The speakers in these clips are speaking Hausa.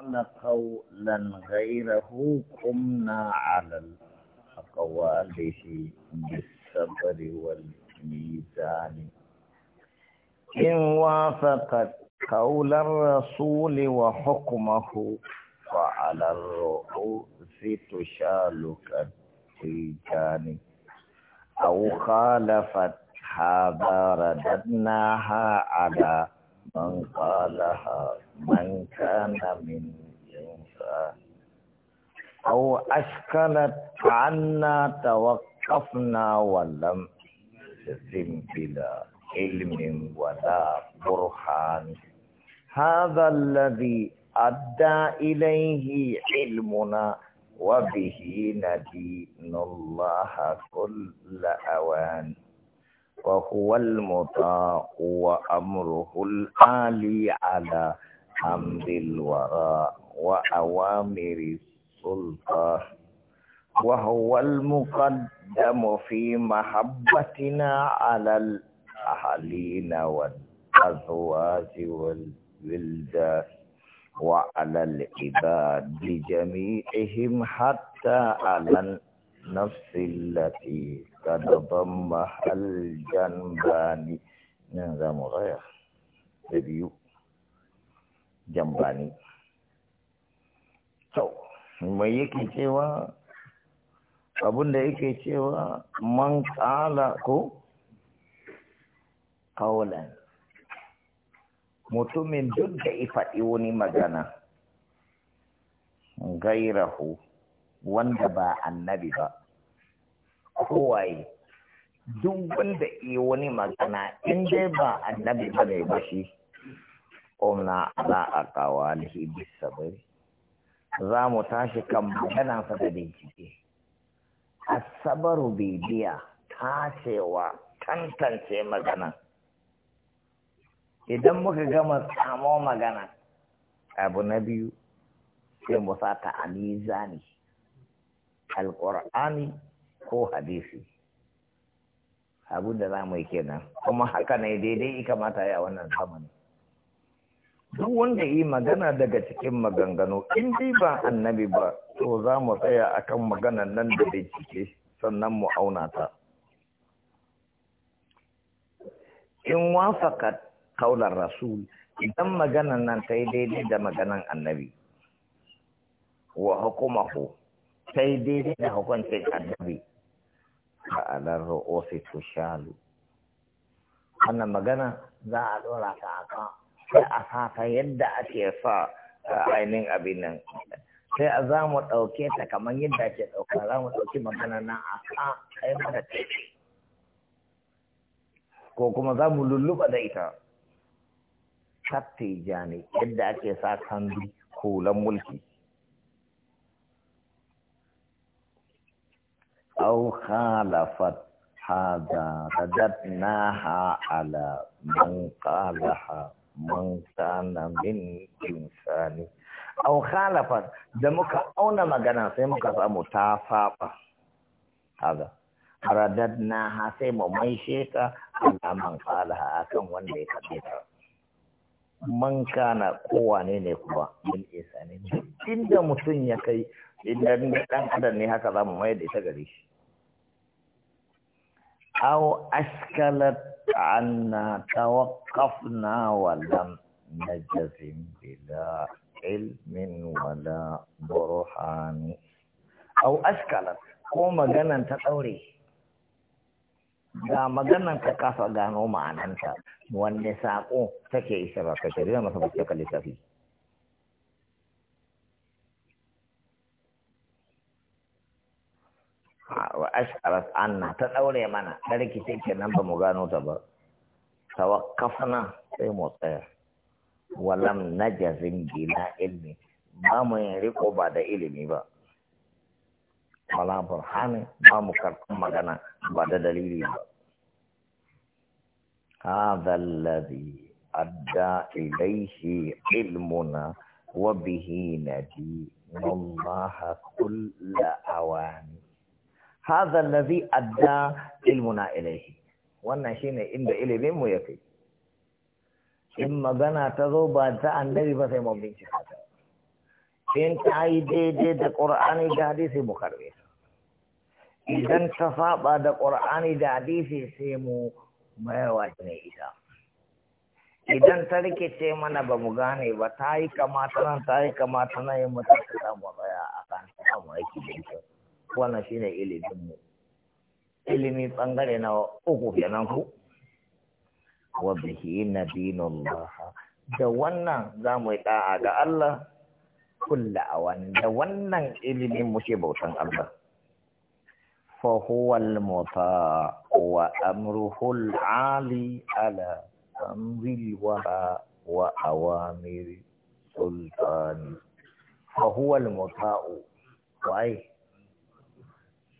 أطعنا قولا غيره قمنا على الأقوال بالصبر والميزان إن وافقت قول الرسول وحكمه فعلى الرؤوس تشال كالتيجان أو خالفت هذا رددناها على من قالها من كان من إنسان أو أشكلت عنا توقفنا ولم تزم بلا علم ولا برهان هذا الذي أدى إليه علمنا وبه ندين الله كل أوان وهو المطاع وأمره الآلي على حمد الوراء وأوامر السلطان وهو المقدم في محبتنا على الأهلين والأزواج والولدان وعلى العباد جميعهم حتى على النفس التي قد ضمها الجنبان نظام غير ريفيو jambani to mai yake cewa abin da yake cewa man kala ko kaulan mutumin duk da ifaɗi wani magana gairahu wanda ba annabi ba kowaye duk wanda iya wani magana in dai ba annabi ba ne ba shi qumna ala aqwalihi bisabr za mu tashi kan magana sa da bincike asabaru ta cewa tantance magana idan muka gama samo magana abu na biyu sai mu sata ta alizani alƙur'ani ko hadisi abu da za mu yi kenan kuma haka ne daidai ya kamata ya wannan zamani duk wanda yi magana daga cikin maganganu in dai ba annabi ba to za mu tsaya akan maganan nan da bincike sannan mu auna ta in wafaka kaular rasul idan magana nan ta yi daidai da maganan annabi wa ku ta yi daidai da hukuncin annabi fa'alar ru'usi shalu wannan magana za a dora ta akan sai a fata yadda ake sa ainihin abin nan sai a za mu ɗauke ta kamar yadda ake ɗauka za mu ɗauki magana na a ka ai mata taifi ko kuma za mu lulluɓa da ita kafte jani yadda ake sa kandu kulan mulki أو خالفت هذا رددناها على من قالها man kana min insani aw khalafa da muka auna magana sai muka samu ta faɓa haga na ha sai mu mai sheka ala man qalaha akan wanda ya kaɗe ta man kana ne kuma min insani inda mutum ya kai idan dan adam ne haka za mu mai da ita gare shi aw askalat كأننا توقفنا ولم نجزم بلا علم ولا برهان أو أشكلت ko maganan ta ɗaure ga maganan ta kasa gano ma'ananta wanda saƙo take isa ba ka shirya masa ba mace ka lissafi ash'arat anna ta daure mana ta rikice kenan ba mu gano ta ba tawakkafna sai mu tsaya walam najazin bila ilmi ba mu yin riko ba da ilimi ba wala burhani ba mu karɓar magana ba da dalili ba هذا الذي أدى إليه علمنا وبه ندين الله كل أوان hadha allazi adda ilmuna ilayhi wannan shine inda ilimin mu yake in magana ta zo ba ta annabi ba sai mu bincika ta in ta yi daidai da qur'ani da hadisi mu karbe idan ta saba da qur'ani da hadisi sai mu mayawa ne ita idan ta rike ce mana ba mu gane ba ta yi kamata nan ta yi kamata nan yin mutum ta samu tsaya a kan samu aiki da kyau wannan shine ilimin mu ilimi bangare na uku kenan ku wa bihi nabinullah da wannan za mu yi da'a ga Allah kulla awan da wannan ilimin muke bautan Allah fa huwa al-muta wa amruhu al-ali ala amri wa wa awamiri sultani fa huwa al-muta'u wai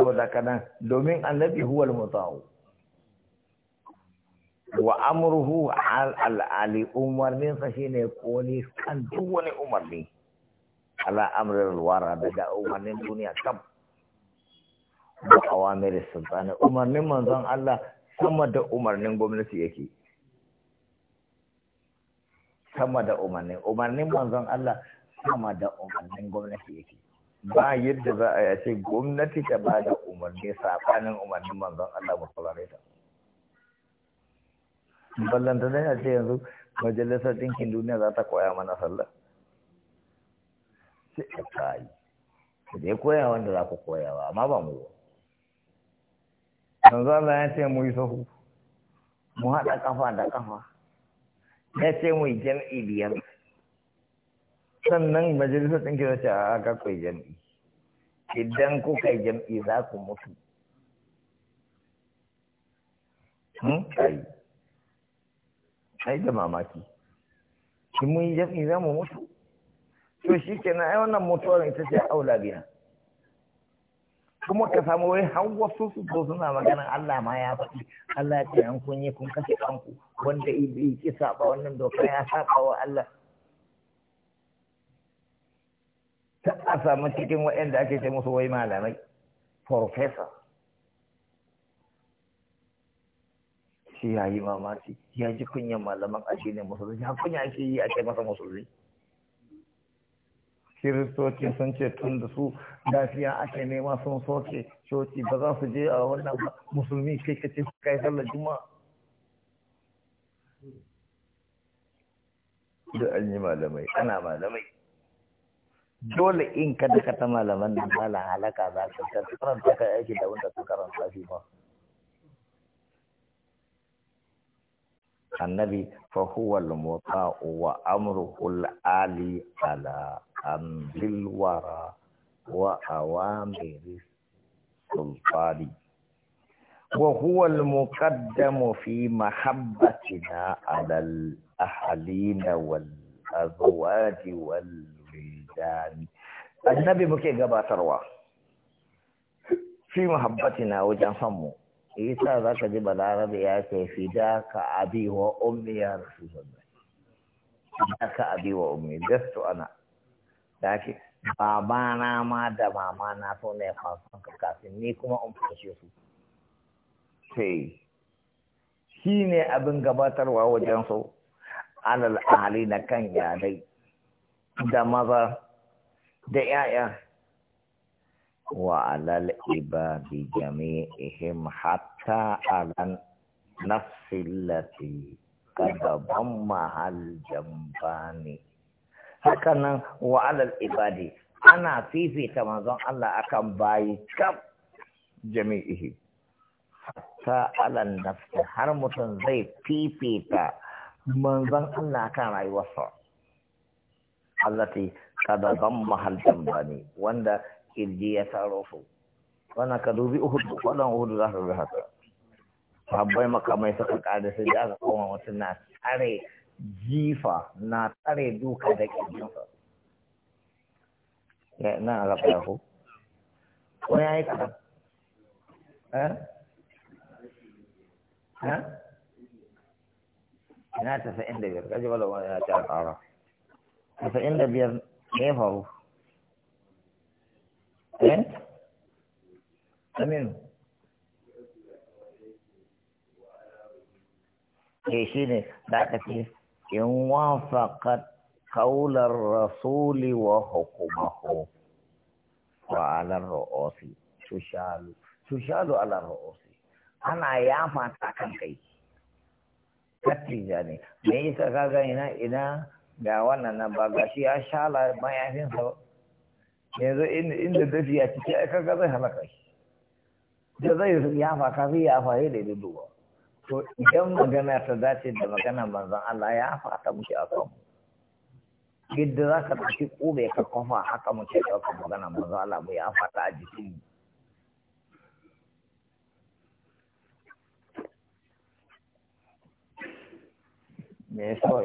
saboda kana domin annabi huwa al muta'u wa amruhu al ali umar min sa shine koli kan duwani umar ne ala amrul wara daga ne duniya kam da awamirin sultani ne manzon Allah sama da umar ne gwamnati yake sama da umar ne umar ne manzon Allah sama da umar ne gwamnati yake ba yadda za a yace gwamnati ta ba da umarni safanin umarnin manzon Allah mu saurare ta Ballan da ya ce yanzu majalisar ɗinkin duniya za ta koya mana sallah sai ta kai ta dai koya wanda za ku koyawa amma ba mu manzon Allah ya ce mu yi sahu mu haɗa kafa da kafa ya ce mu yi jam'i biyar sannan majalisa ɗin za zace a kai jam'i idan ku kai jam'i za ku mutu hmm? kai kai da mamaki shi mun yi jam'i za mu mutu to shi na ai wannan mutuwar ita ce aula biya kuma ka samu wai har wasu su zo suna maganin Allah ma ya faɗi Allah ya ce an kun yi kun kashe kanku wanda ibi ki saba wannan doka ya saba wa Allah a samu cikin waɗanda ake ce musu wai malamai professor shi ya yi mamaki ya ji kunyan malaman ne musulmi, ya kunya ake yi ake masa musulmi. kiristoci sun ce tun da su lafiya ake nema sun soke coci ba za su je a wannan musulmi kai ka ce kai sallar juma'a da an yi malamai ana malamai دول ان كان ختم لمن ما لا علاقة وانت تكرر صحيح النبي فهو المطاع وأمره العالي على أمر الورى وأوامر السلطان وهو المقدم في محبتنا على الأهلين والأزواج والأزواج shani annabi muke gabatarwa fi muhabbatina wajen son mu za ka ji balarabe ya ce ka abi wa ummi ya rasu da ka abi wa ummi gasto ana dake baba na ma da mama na so na ya fasa kafin ni kuma in fashe su sai shi ne abin gabatarwa wajen so alal ahali na kan yadai da maza da ‘ya'ya. Wa alal ibadi jami'ihim hatta alan nafsillati kadaban mahal jambani. Haka nan wa alal ibadi ana fifita manzon Allah akan bayi kaf jami'ihi. Hatta alan nafsi har mutum zai fifita manzon Allah akan rayuwarsa. ta kada zan mahaltan tambani wanda kirji ya taro su wannan ka dubi uhudu wannan uhudu za ka haka babbai makamai suka kada sai da aka koma mutum na tsare jifa na tsare duka da kirjinsa ya na alaƙa ya ko ko ya yi kaɗan eh eh ina tasa'in da biyar kaje wala wani ya ta ƙara tasa'in inda biyar මේ පව් ඈ තමිනු ඒ シーン දැක්කේ කියුවා فقط قول الرسول وحكمه وعلى الرؤوس تشال تشال على الرؤوس انا يا ما تكن كاي كتري جاني ليس كاغا هنا اذا ga wannan nan ba ga shi ya shala mayafin ba yanzu inda dafi ya ciki ai ga zai halaka shi da zai yafa kafi ya faye da duduwa to idan magana ta dace da magana manzon Allah ya fata muke a kanmu yadda za ka tafi kube ka kofa haka muke ɗaukar magana manzon Allah mu ya fata a jikinmu me ya